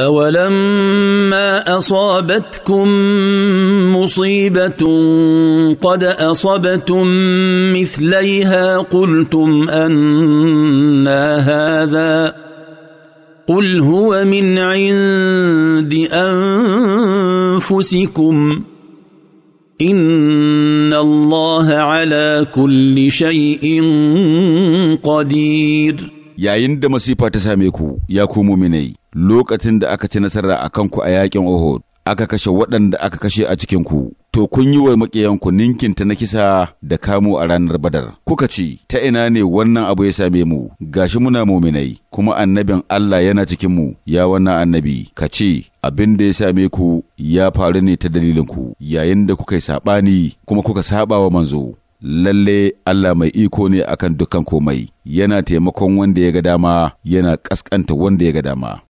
اولما اصابتكم مصيبه قد اصبتم مثليها قلتم انا هذا قل هو من عند انفسكم ان الله على كل شيء قدير يا عند مصيبه تساميكو يا كومو مني lokacin da aka ci nasara a kanku a yakin Uhud, aka kashe waɗanda aka kashe a cikinku, to kun yi wa maƙiyanku ta na kisa da kamu a ranar badar. Kuka ci. ta ina ne wannan abu ya same mu, gashi muna muminai, kuma annabin Allah yana cikin mu ya wannan annabi, ka ci. abin da ya same ku ya faru ne ta dalilin ku yayin da kuka yi saɓani kuma kuka saɓa wa manzo. lalle Allah mai iko ne akan dukkan komai, yana taimakon wanda ya ga dama, yana ƙasƙanta wanda ya ga dama.